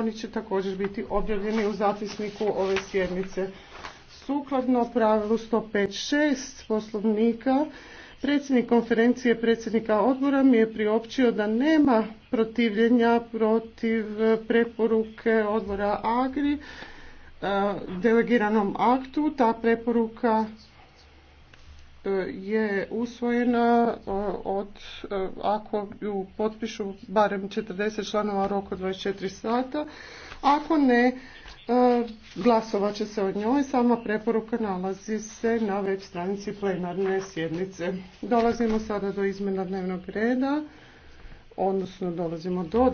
Oni će također biti objavljeni u zapisniku ove sjednice. Sukladno pravilu 105.6 poslovnika, predsjednik konferencije predsjednika odbora mi je priopćio da nema protivljenja protiv preporuke odbora AGRI eh, delegiranom aktu. Ta preporuka je usvojena e, od, e, ako ju potpišu barem 40 članova roku 24 sata. Ako ne, e, glasovat će se od njoj. Sama preporuka nalazi se na web stranici plenarne sjednice. Dolazimo sada do izmjena dnevnog reda, odnosno dolazimo do